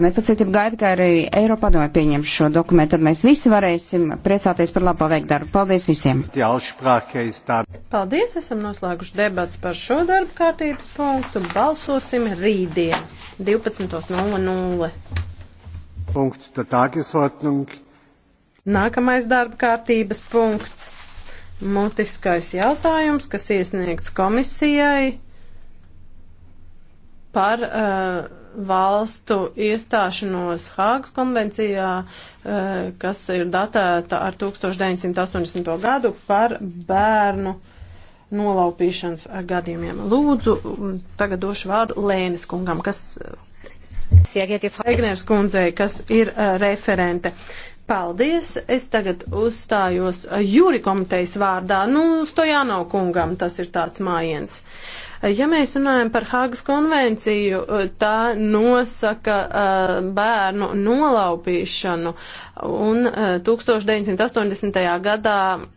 ar nepacietību gaidu, ka arī Eiropadoja pieņem šo dokumentu, tad mēs visi varēsim priecāties par labu paveikt darbu. Paldies visiem! Paldies, esam noslēguši debats par šo darbu kārtības punktu. Balsosim rītdien 12.00. Punkts tā tagesordnung. Nākamais darba kārtības punkts. Mutiskais jautājums, kas iesniegts komisijai par uh, valstu iestāšanos Hāgas konvencijā, eh, kas ir datēta ar 1980. gadu par bērnu nolaupīšanas gadījumiem. Lūdzu, tagad došu vārdu Lēnis kungam, kas. Egners kundzei, kas ir uh, referente. Paldies! Es tagad uzstājos eh, jūri komitejas vārdā. Nu, Stojāno kungam tas ir tāds mājiens. Uh, Ja mēs runājam par Hāgas konvenciju, tā nosaka uh, bērnu nolaupīšanu un uh, eh, 1980. gadā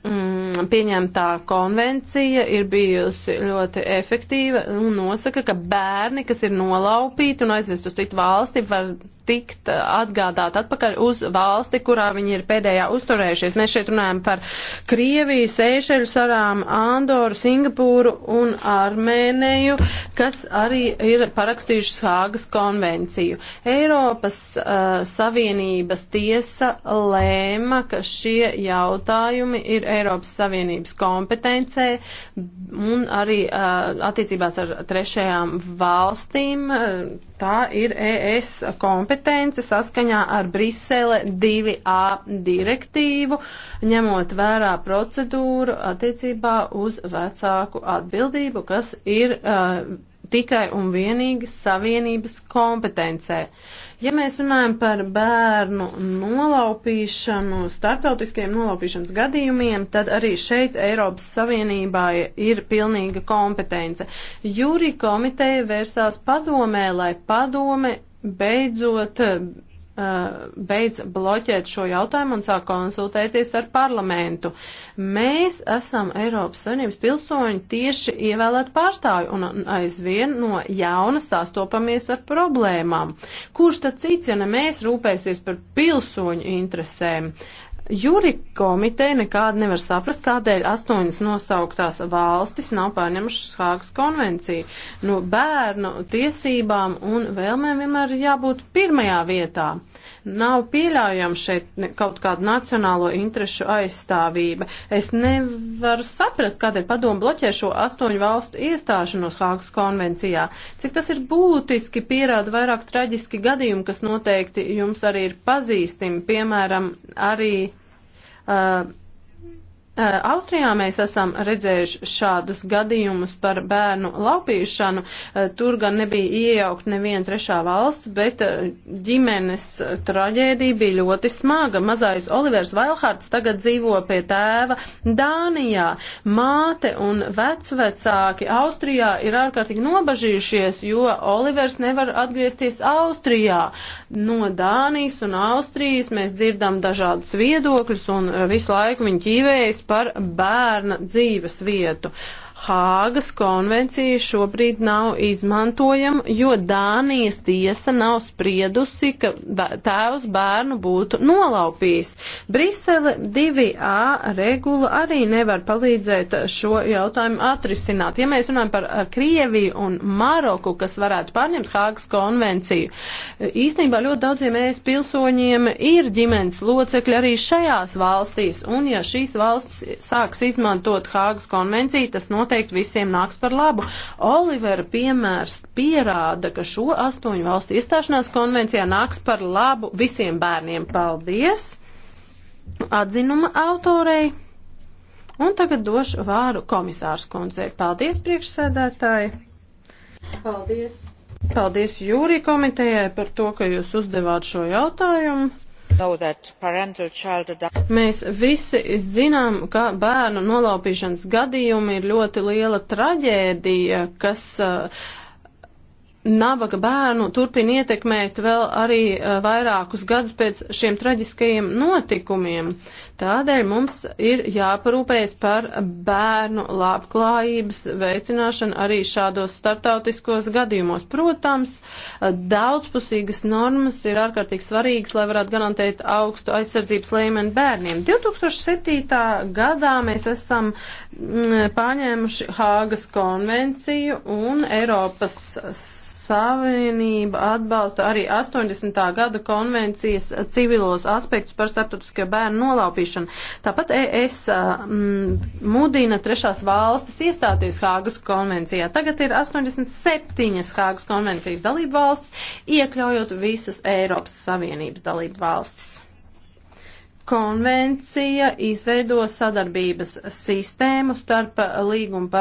mm, pieņemtā konvencija ir bijusi ļoti efektīva un nosaka, ka bērni, kas ir nolaupīti un aizvest uz citu valsti, var tikt eh, atgādāt atpakaļ uz valsti, kurā viņi ir pēdējā uzturējušies. Mēs šeit runājam par Krieviju, Seišeļu sarām, Andoru, Singapūru un Armēniju, kas arī ir parakstījušas Hāgas konvenciju. Eiropas uh, Savienības tiesa lēma, ka šie jautājumi ir Eiropas Savienības kompetencē un arī uh, attiecībās ar trešajām valstīm. Uh, tā ir ES kompetence saskaņā ar Brisele 2A direktīvu, ņemot vērā procedūru attiecībā uz vecāku atbildību, kas ir uh, tikai un vienīgi savienības kompetencē. Ja mēs runājam par bērnu nolaupīšanu, startautiskiem nolaupīšanas gadījumiem, tad arī šeit Eiropas Savienībā ir pilnīga kompetence. Jūri komiteja vērsās padomē, lai padome beidzot Uh, beidz bloķēt šo jautājumu un sāk konsultēties ar parlamentu. Mēs esam Eiropas Savienības pilsoņi tieši ievēlēt pārstāvi un aizvien no jauna sastopamies ar problēmām. Kurš tad cits, ja ne mēs rūpēsies par pilsoņu interesēm? Uh, Juri komiteja nekādi nevar saprast, kādēļ astoņas nosauktās valstis nav pārņemušas Hāgas konvenciju. No nu, bērnu tiesībām un vēlmēm vienmēr ir jābūt pirmajā vietā. Nav pieļaujama šeit kaut kāda nacionālo interešu aizstāvība. Es nevaru saprast, kādēļ padomu bloķē šo astoņu valstu iestāšanos Hāgas konvencijā. Cik tas ir būtiski, pierāda vairāk traģiski gadījumi, kas noteikti jums arī ir pazīstami, piemēram, arī. Uh, Austrijā mēs esam redzējuši šādus gadījumus par bērnu laupīšanu. Tur gan nebija iejaukt neviena trešā valsts, bet ģimenes traģēdija bija ļoti smaga. Mazais Olivers Vailhārds tagad dzīvo pie tēva Dānijā. Māte un vecvecāki Austrijā ir ārkārtīgi nobažījušies, jo Olivers nevar atgriezties Austrijā. No Dānijas un Austrijas mēs dzirdam dažādus viedokļus un visu laiku viņi ķīvējas par bērna dzīves vietu. Hāgas konvencija šobrīd nav izmantojama, jo Dānijas tiesa nav spriedusi, ka tēvs bērnu būtu nolaupījis. Brisele 2A regula arī nevar palīdzēt šo jautājumu atrisināt. Ja mēs runājam par Krieviju un Maroku, kas varētu pārņemt Hāgas konvenciju, īstenībā ļoti daudziem ja ES pilsoņiem ir ģimenes locekļi arī šajās valstīs, un ja šīs valsts sāks izmantot Hāgas konvenciju, tas notiek noteikti visiem nāks par labu. Olivera piemērs pierāda, ka šo astoņu valstu iestāšanās konvencijā nāks par labu visiem bērniem. Paldies! Atzinuma autorei. Un tagad došu vāru komisārs kundzei. Paldies, priekšsēdētāji! Paldies! Paldies jūrī komitejai par to, ka jūs uzdevāt šo jautājumu. Mēs visi zinām, ka bērnu nolaupīšanas gadījumi ir ļoti liela traģēdija, kas uh, nabaga bērnu turpina ietekmēt vēl arī uh, vairākus gadus pēc šiem traģiskajiem notikumiem. Tādēļ mums ir jāparūpējas par bērnu labklājības veicināšanu arī šādos startautiskos gadījumos. Protams, daudzpusīgas normas ir ārkārtīgi svarīgas, lai varētu garantēt augstu aizsardzības līmeni bērniem. 2007. gadā mēs esam mm, pārņēmuši Hāgas konvenciju un Eiropas Savienība atbalsta arī 80. gada konvencijas civilos aspektus par starptautiskajā bērnu nolaupīšanu. Tāpat ES mm, mudina trešās valstis iestāties Hāgas konvencijā. Tagad ir 87 Hāgas konvencijas dalību valstis, iekļaujot visas Eiropas Savienības dalību valstis. Konvencija izveido sadarbības sistēmu starp līgumu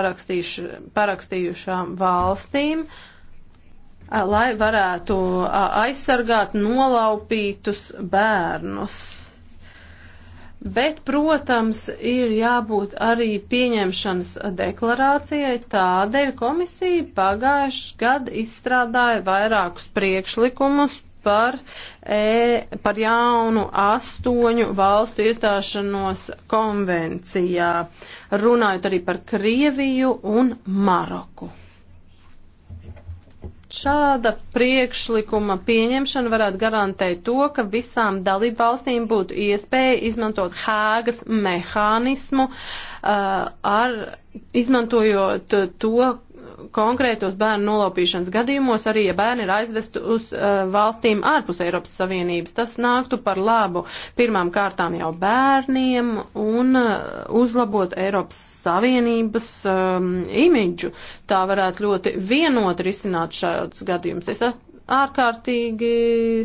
parakstījušām valstīm, uh, lai varētu aizsargāt nolaupītus bērnus. Bet, protams, ir jābūt arī pieņemšanas deklarācijai. Tādēļ komisija pagājuši gadu izstrādāja vairākus priekšlikumus par, e, par jaunu astoņu valstu iestāšanos konvencijā, runājot arī par Krieviju un Maroku. Šāda priekšlikuma pieņemšana varētu garantēt to, ka visām dalībvalstīm būtu iespēja izmantot Hāgas mehānismu uh, ar izmantojot to, konkrētos bērnu nolaupīšanas gadījumos, arī ja bērni ir aizvest uz uh, valstīm ārpus Eiropas Savienības. Tas nāktu par labu pirmām kārtām jau bērniem un uh, uzlabot Eiropas Savienības um, imidžu. Tā varētu ļoti vienot risināt šādus gadījumus. Es uh, ārkārtīgi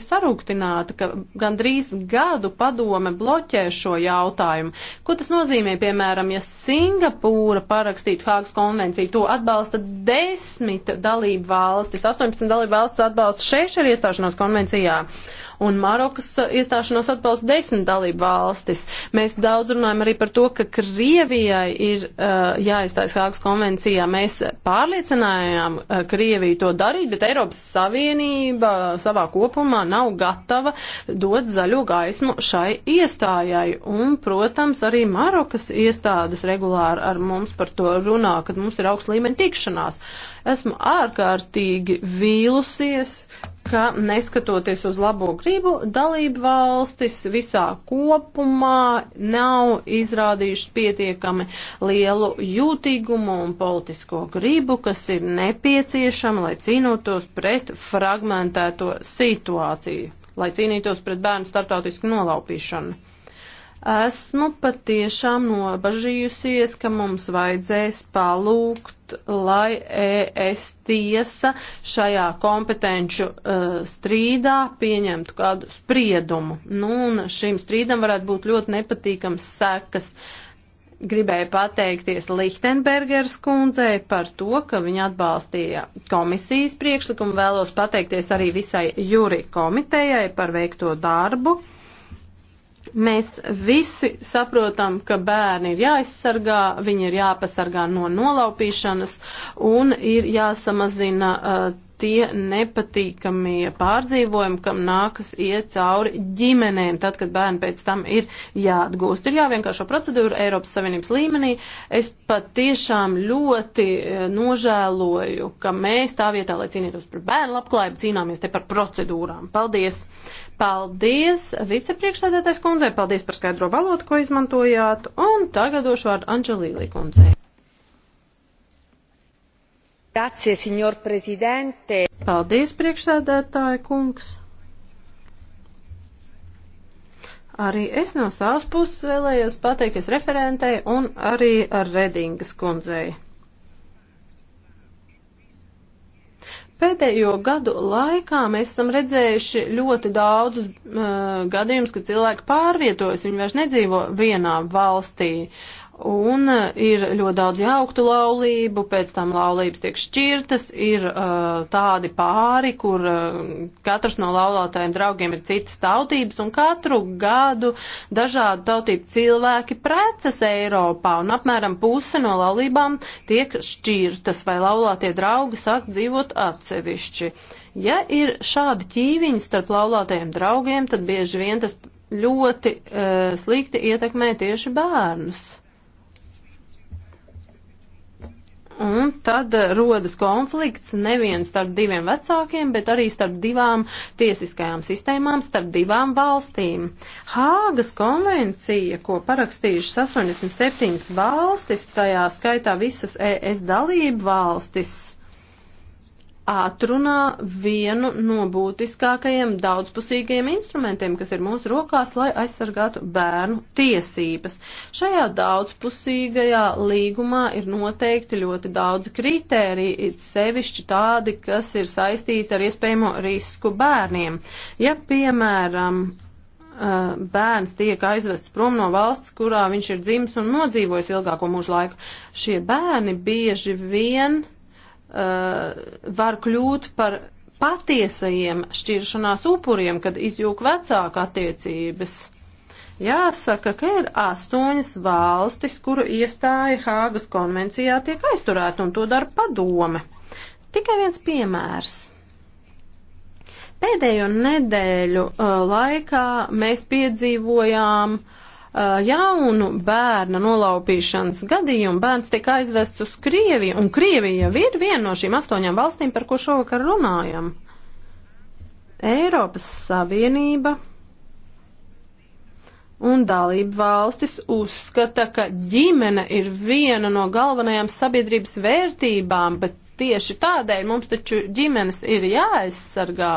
sarūktināta, ka gandrīz gadu padome bloķē šo jautājumu. Ko tas nozīmē, piemēram, ja Singapūra parakstītu Hāgas konvenciju, to atbalsta desmit dalību valstis, 18 dalību valstis atbalsta šeši ar iestāšanos konvencijā un Marokas iestāšanos atbalsta desmit dalību valstis. Mēs daudz runājam arī par to, ka Krievijai ir uh, jāizstājas Hāgas konvencijā. Mēs pārliecinājām uh, Krieviju to darīt, bet Eiropas Savienība uh, savā kopumā nav gatava dot zaļo gaismu šai iestājai. Un, protams, arī Marokas iestādes regulāri ar mums par to runā, kad mums ir augsts līmeņa tikšanās. Esmu ārkārtīgi vīlusies, ka neskatoties uz labo gribu, dalību valstis visā kopumā nav izrādījušas pietiekami lielu jūtīgumu un politisko gribu, kas ir nepieciešama, lai cīnotos pret fragmentēto situāciju, lai cīnītos pret bērnu startautisku nolaupīšanu. Esmu patiešām nobažījusies, ka mums vajadzēs palūgt lai ES tiesa šajā kompetenču uh, strīdā pieņemtu kādu spriedumu. Nu, un šim strīdam varētu būt ļoti nepatīkams sekas. Gribēju pateikties Lichtenbergers kundzei par to, ka viņa atbalstīja komisijas priekšlikumu. Vēlos pateikties arī visai jūri komitejai par veikto darbu. Mēs visi saprotam, ka bērni ir jāaizsargā, viņi ir jāpasargā no nolaupīšanas un ir jāsamazina uh, tie nepatīkamie pārdzīvojumi, kam nākas iet cauri ģimenēm, tad, kad bērni pēc tam ir jāatgūst. Ir jāvienkāršo procedūru Eiropas Savienības līmenī. Es pat tiešām ļoti uh, nožēloju, ka mēs tā vietā, lai cīnītos par bērnu labklājību, cīnāmies te par procedūrām. Paldies! Paldies vicepriekšsēdētājs kundzei, paldies par skaidro valodu, ko izmantojāt, un tagad došu vārdu Anģelīli kundzei. Grazie, signor prezidente. Paldies, priekšsēdētāja kungs. Arī es no savas puses vēlējos pateikties referentei un arī ar Redingas kundzei. Pēdējo gadu laikā mēs esam redzējuši ļoti daudzus uh, gadījumus, kad cilvēki pārvietojas, viņi vairs nedzīvo vienā valstī. Un e, ir ļoti daudz jauktu laulību, pēc tam laulības tiek šķirtas, ir uh, tādi pāri, kur uh, katrs no laulātājiem draugiem ir citas tautības, un katru gadu dažādu tautību cilvēki preces Eiropā, un apmēram puse no laulībām tiek šķirtas, vai laulātie draugi sāk dzīvot atsevišķi. Ja ir šādi ķīviņi starp laulātajiem draugiem, tad bieži vien tas ļoti uh, slikti ietekmē tieši bērnus. Un tad rodas konflikts nevien starp diviem vecākiem, bet arī starp divām tiesiskajām sistēmām, starp divām valstīm. Hāgas konvencija, ko parakstījušas 87 valstis, tajā skaitā visas ES dalību valstis, atrunā vienu no būtiskākajiem daudzpusīgajiem instrumentiem, kas ir mūsu rokās, lai aizsargātu bērnu tiesības. Šajā daudzpusīgajā līgumā ir noteikti ļoti daudz kritēriju, it sevišķi tādi, kas ir saistīti ar iespējamo risku bērniem. Ja, piemēram, bērns tiek aizvests prom no valsts, kurā viņš ir dzimis un nodzīvojis ilgāko mūžu laiku, šie bērni bieži vien Uh, var kļūt par patiesajiem šķiršanās upuriem, kad izjūg vecāka attiecības. Jāsaka, ka ir astoņas valstis, kuru iestāja Hāgas konvencijā tiek aizturēta, un to dara padome. Tikai viens piemērs. Pēdējo nedēļu uh, laikā mēs piedzīvojām uh, Eh, jaunu bērna nolaupīšanas gadījumu bērns tika aizvests uz Krieviju, un Krievija jau ir viena no šīm astoņām valstīm, par ko šovakar runājam. Eiropas Savienība un dalību valstis uzskata, ka ģimene ir viena no galvenajām sabiedrības vērtībām, bet tieši tādēļ mums taču ģimenes ir jāaizsargā,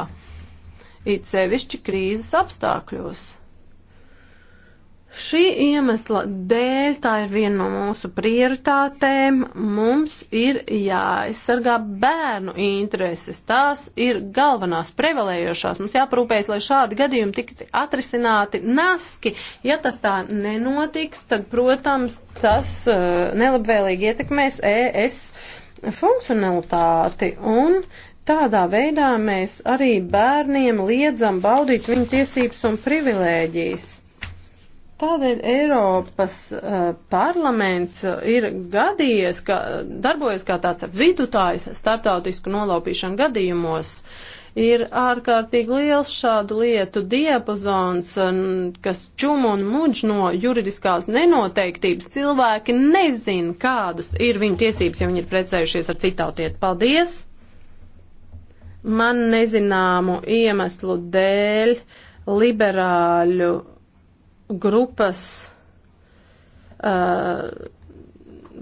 it sevišķi krīzes apstākļos. Šī iemesla dēļ tā ir viena no mūsu prioritātēm. Mums ir jāaizsargā bērnu intereses. Tās ir galvenās prevalējošās. Mums jāprūpējas, lai šādi gadījumi tiktu atrisināti naski. Ja tas tā nenotiks, tad, protams, tas uh, nelabvēlīgi ietekmēs ES funkcionalitāti un tādā veidā mēs arī bērniem liedzam baudīt viņu tiesības un privilēģijas. Tādēļ Eiropas uh, parlaments eh, ir gadījies, ka darbojas kā tāds vidutājs starptautisku nolaupīšanu gadījumos. Ir ārkārtīgi liels šādu lietu diapazons, eh, kas čum un muģ no juridiskās nenoteiktības. Cilvēki nezin, kādas ir viņu tiesības, ja viņi ir precējušies ar citautietu. Paldies! Man nezināmu iemeslu dēļ liberāļu grupas uh,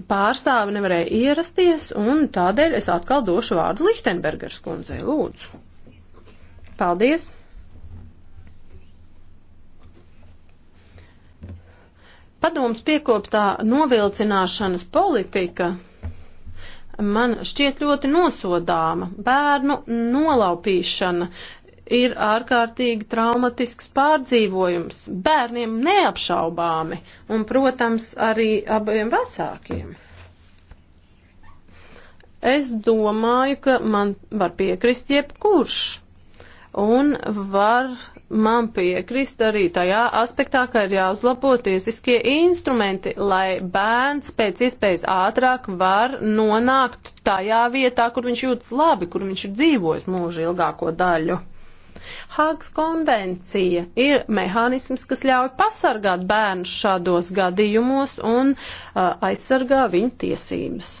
pārstāvi nevarēja ierasties, un tādēļ es atkal došu vārdu Lichtenbergers kundzei, lūdzu. Paldies! Padoms piekoptā novilcināšanas politika man šķiet ļoti nosodāma. Bērnu nolaupīšana, ir ārkārtīgi traumatisks pārdzīvojums bērniem neapšaubāmi un, protams, arī abiem vecākiem. Es domāju, ka man var piekrist jebkurš un var man piekrist arī tajā aspektā, ka ir jāuzlabo tiesiskie instrumenti, lai bērns pēc iespējas ātrāk var nonākt tajā vietā, kur viņš jūtas labi, kur viņš ir dzīvojis mūža ilgāko daļu. Hāgas konvencija ir mehānisms, kas ļauj pasargāt bērnus šādos gadījumos un uh, aizsargā viņu tiesības.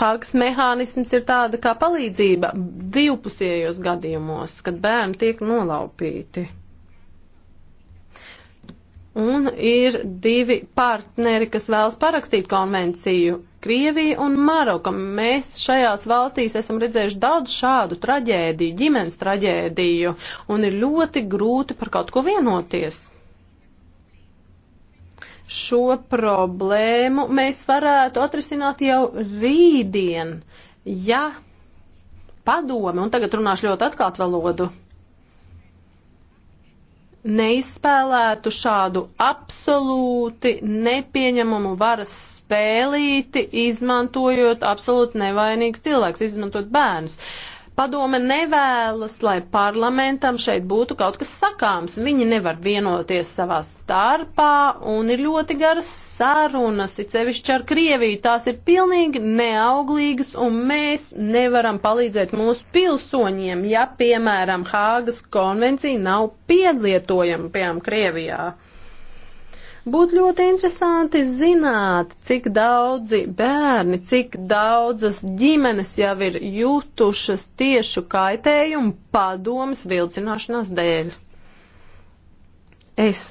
Hāgas mehānisms ir tāda kā palīdzība divpusējos gadījumos, kad bērni tiek nolaupīti. Un ir divi partneri, kas vēlas parakstīt konvenciju, Krievija un Maroka. Mēs šajās valstīs esam redzējuši daudz šādu traģēdiju, ģimenes traģēdiju, un ir ļoti grūti par kaut ko vienoties šo problēmu mēs varētu atrisināt jau rītdien, ja padome, un tagad runāšu ļoti atklātu valodu, neizspēlētu šādu absolūti nepieņemumu varas spēlīti, izmantojot absolūti nevainīgs cilvēks, izmantot bērnus. Uh, Padome nevēlas, lai parlamentam šeit būtu kaut kas sakāms. Viņi nevar vienoties savā starpā un ir ļoti garas sarunas, it sevišķi ar Krieviju. Tās ir pilnīgi neauglīgas un mēs nevaram palīdzēt mūsu pilsoņiem, ja, piemēram, Hāgas konvencija nav piedlietojama, piemēram, Krievijā. Būtu ļoti interesanti zināt, cik daudzi bērni, cik daudzas ģimenes jau ir jutušas tiešu kaitējumu padomas vilcināšanās dēļ. Es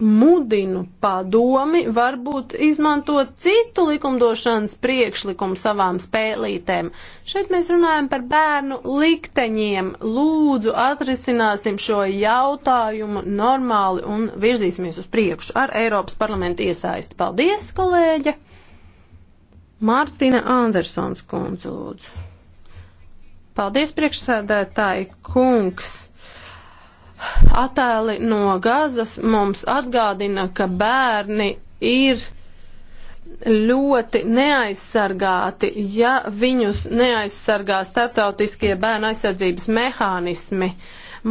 mudinu padomi varbūt izmantot citu likumdošanas priekšlikumu savām spēlītēm. Šeit mēs runājam par bērnu likteņiem. Lūdzu, atrisināsim šo jautājumu normāli un virzīsimies uz priekšu ar Eiropas parlamentu iesaisti. Paldies, kolēģe! Mārtina Andersons kundze, lūdzu. Paldies, priekšsēdētāji kungs! Attēli no Gazas mums atgādina, ka bērni ir ļoti neaizsargāti, ja viņus neaizsargā starptautiskie bērnu aizsardzības mehānismi.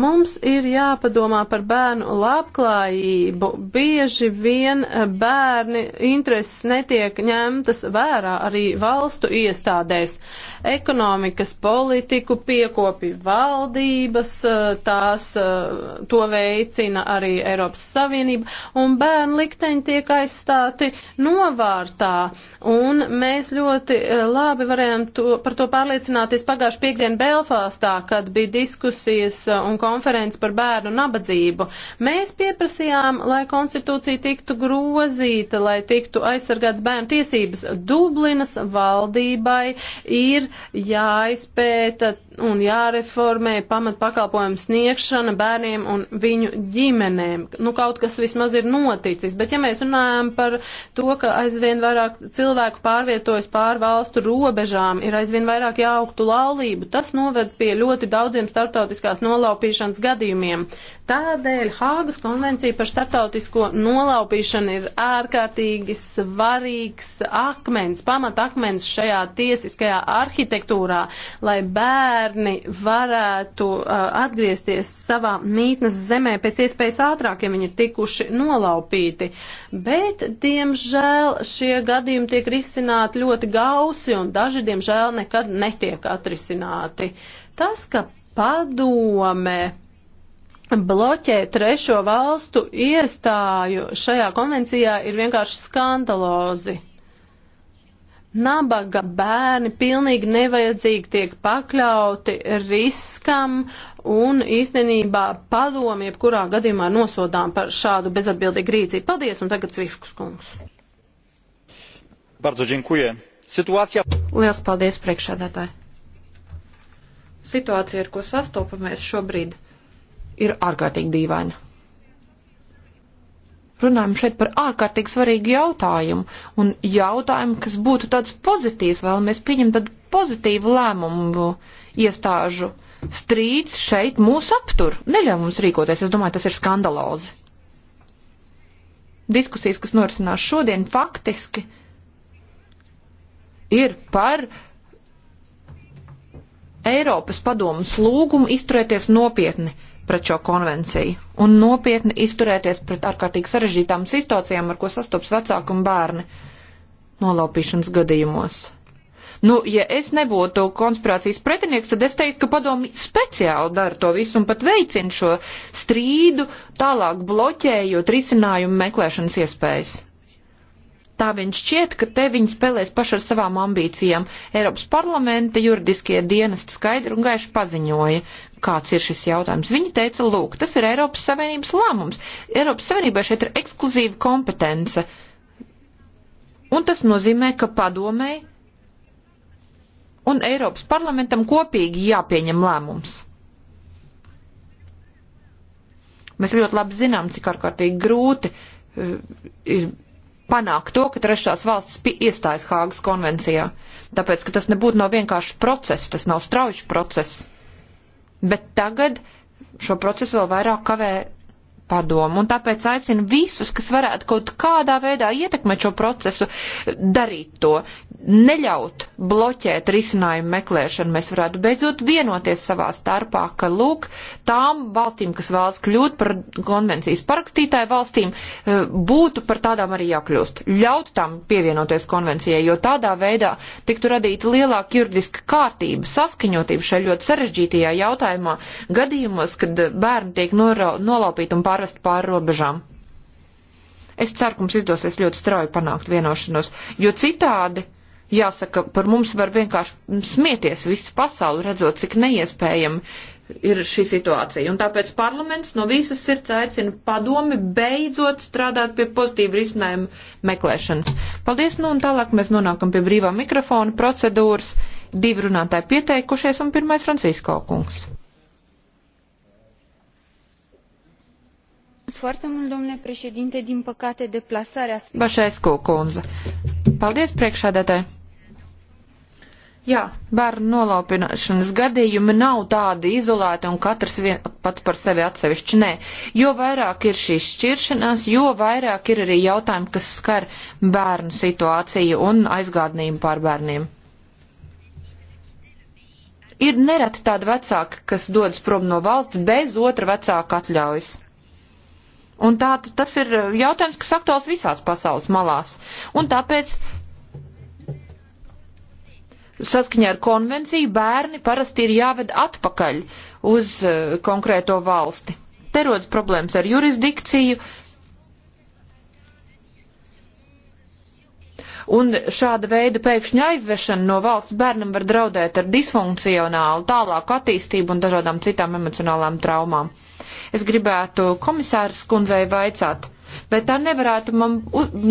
Mums ir jāpadomā par bērnu labklājību. Bieži vien bērni intereses netiek ņemtas vērā arī valstu iestādēs. Uh, ekonomikas politiku piekopi valdības, eh, tās eh, to veicina arī Eiropas Savienība, un bērnu likteņi tiek aizstāti novārtā. Un mēs ļoti eh, labi varējām to, par to pārliecināties pagājuši piekdien Belfāstā, kad bija diskusijas un konferences par bērnu nabadzību. Mēs pieprasījām, lai konstitūcija tiktu grozīta, lai tiktu aizsargāts bērnu tiesības. Dublinas valdībai ir jāizpēta un jāreformē pamatpakalpojumu sniegšana bērniem un viņu ģimenēm. Nu, kaut kas vismaz ir noticis, bet ja mēs runājam par to, ka aizvien vairāk cilvēku pārvietojas pāri valstu robežām, ir aizvien vairāk jauktu laulību, tas noved pie ļoti daudziem starptautiskās nolaupīšanas gadījumiem. Tādēļ Hāgas konvencija par starptautisko nolaupīšanu ir ārkārtīgi svarīgs akmens, pamatakmens šajā tiesiskajā arhitektūrā, lai bērni bērni varētu uh, atgriezties savā mītnes zemē pēc iespējas ātrāk, ja viņi ir tikuši nolaupīti. Bet, diemžēl, šie gadījumi tiek risināti ļoti gausi un daži, diemžēl, nekad netiek atrisināti. Tas, ka padome bloķē trešo valstu iestāju šajā konvencijā, ir vienkārši skandalozi. Nabaga bērni pilnīgi nevajadzīgi tiek pakļauti riskam un īstenībā padomi, jebkurā gadījumā nosodām par šādu bezatbildīgu rīcību. Paldies, un tagad Cvifkus kungs. Bardzo dziękuję. Situācija. Lielas paldies, priekšsēdētāji. Situācija, ar ko sastopamies šobrīd, ir ārkārtīgi dīvaina runājam šeit par ārkārtīgi svarīgu jautājumu, un jautājumu, kas būtu tāds pozitīvs, vēlamies pieņemt tādu pozitīvu lēmumu iestāžu strīds šeit mūs aptur, neļauj mums rīkoties, es domāju, tas ir skandalozi. Diskusijas, kas norisinās šodien, faktiski ir par Eiropas padomus lūgumu izturēties nopietni pret šo konvenciju un nopietni izturēties pret ārkārtīgi sarežģītām situācijām, ar ko sastopas vecāki un bērni nolaupīšanas gadījumos. Nu, ja es nebūtu konspirācijas pretinieks, tad es teiktu, ka padomi speciāli dara to visu un pat veicina šo strīdu, tālāk bloķējot risinājumu meklēšanas iespējas tā viņš šķiet, ka te viņi spēlēs paši ar savām ambīcijām. Eiropas parlamenta juridiskie dienesti skaidri un gaiši paziņoja, kāds ir šis jautājums. Viņi teica, lūk, tas ir Eiropas Savienības lēmums. Eiropas Savienībai šeit ir ekskluzīva kompetence. Un tas nozīmē, ka padomēji un Eiropas parlamentam kopīgi jāpieņem lēmums. Mēs ļoti labi zinām, cik ārkārtīgi grūti uh, ir panākt to, ka trešās valstis iestājas Hāgas konvencijā. Tāpēc, ka tas nebūtu nav vienkārši process, tas nav strauji process. Bet tagad šo procesu vēl vairāk kavē padomu, un tāpēc aicinu visus, kas varētu kaut kādā veidā ietekmēt šo procesu, darīt to, neļaut bloķēt risinājumu meklēšanu. Mēs varētu beidzot vienoties savā starpā, ka lūk, tām valstīm, kas vēlas kļūt par konvencijas parakstītāju valstīm, eh, būtu par tādām arī jākļūst. Ļaut tām pievienoties konvencijai, jo tādā veidā tiktu radīta lielāka juridiska kārtība, saskaņotība šai ļoti sarežģītajā jautājumā gadījumos, kad bērni tiek nolaupīti un pārādīti pārvest pāri robežām. Es ceru, ka mums izdosies ļoti strauji panākt vienošanos, jo citādi, jāsaka, par mums var vienkārši smieties visu pasauli, redzot, cik neiespējami ir šī situācija. Un tāpēc parlaments no visas sirds aicina padomi beidzot strādāt pie pozitīvu risinājumu meklēšanas. Paldies, nu un tālāk mēs nonākam pie brīvā mikrofona procedūras. Divi runātāji pieteikušies un pirmais Francisko kungs. Din păcate, deplasarea... Bašaisko kundze. Paldies priekšādētāji. Jā, bērnu nolaupināšanas gadījumi nav tādi izolēti un katrs vien, pats par sevi atsevišķi. Nē, jo vairāk ir šīs šķiršanās, jo vairāk ir arī jautājumi, kas skar bērnu situāciju un aizgādnību pār bērniem ir nereti tādi vecāki, kas dodas prom no valsts bez otra vecāka atļaujas. Un tā, tas ir jautājums, kas aktuāls visās pasaules malās. Un tāpēc saskaņā ar konvenciju bērni parasti ir jāved atpakaļ uz uh, konkrēto valsti. Te rodas problēmas ar jurisdikciju. Un šāda veida pēkšņa aizvešana no valsts bērnam var draudēt ar disfunkcionālu tālāku attīstību un dažādām citām emocionālām traumām. Uh, Es gribētu komisāras kundzei vaicāt, vai tā nevarētu, man,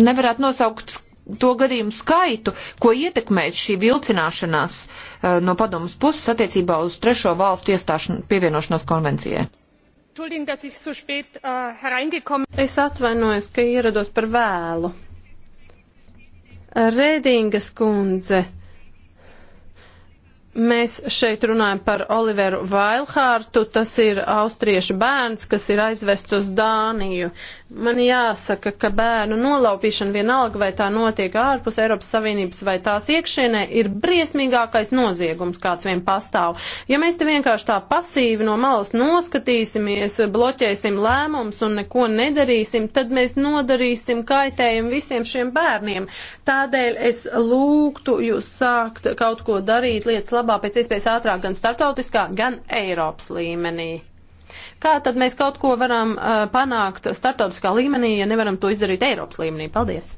nevarētu nosaukt to gadījumu skaitu, ko ietekmēs šī vilcināšanās uh, no padomas puses attiecībā uz trešo valstu iestāšanu pievienošanos konvencijai. Äh, es atvainojos, ka ierados par vēlu. Redingas kundze. Mēs šeit runājam par Oliveru Vailhārtu, tas ir austriešu bērns, kas ir aizvests uz Dāniju. Man jāsaka, ka bērnu nolaupīšana vienalga vai tā notiek ārpus Eiropas Savienības vai tās iekšienē ir briesmīgākais noziegums, kāds vien pastāv. Ja mēs te vienkārši tā pasīvi no malas noskatīsimies, bloķēsim lēmums un neko nedarīsim, tad mēs nodarīsim kaitējumu visiem šiem bērniem. Tādēļ es lūgtu jūs sākt kaut ko darīt lietas labā pēc iespējas ātrāk gan starptautiskā, gan Eiropas līmenī. Kā tad mēs kaut ko varam uh, panākt startautiskā līmenī, ja nevaram to izdarīt Eiropas līmenī? Paldies!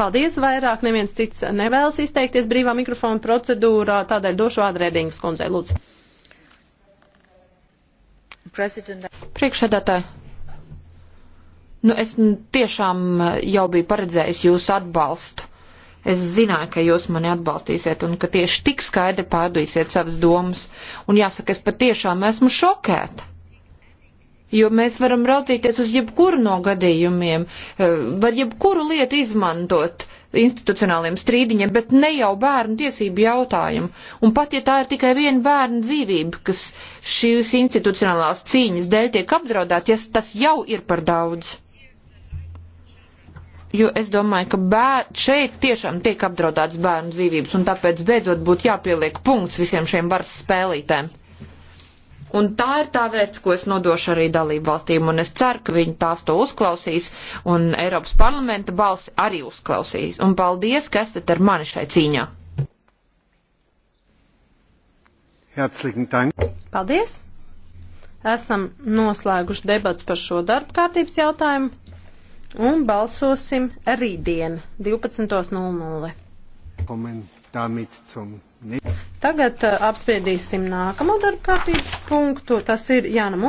Paldies! Vairāk neviens cits nevēlas izteikties brīvā mikrofona procedūrā, tādēļ došu vādrēdīgas kundzei. Lūdzu! Priekšsēdētāji, nu es tiešām jau biju paredzējis jūsu atbalstu Es zināju, ka jūs mani atbalstīsiet un ka tieši tik skaidri pārdīsiet savas domas. Un jāsaka, es patiešām esmu šokēta. Jo mēs varam rautīties uz jebkuru no gadījumiem, eh, var jebkuru lietu izmantot institucionāliem strīdiņiem, bet ne jau bērnu tiesību jautājumu. Un pat ja tā ir tikai viena bērna dzīvība, kas šīs institucionālās cīņas dēļ tiek apdraudēta, ja tas jau ir par daudz jo es domāju, ka bēr, šeit tiešām tiek apdraudēts bērnu dzīvības, un tāpēc beidzot būtu jāpieliek punkts visiem šiem varas spēlītēm. Un tā ir tā vēsts, ko es nodošu arī dalību valstīm, un es ceru, ka viņi tās to uzklausīs, un Eiropas parlamenta balsi arī uzklausīs. Un paldies, ka esat ar mani šai cīņā. Paldies! Esam noslēguši debats par šo darba kārtības jautājumu un balsosim rītdien 12.00. Tagad uh, apspriedīsim nākamo darba kārtības punktu. Tas ir Jāna Mums.